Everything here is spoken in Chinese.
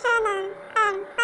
他们嗯。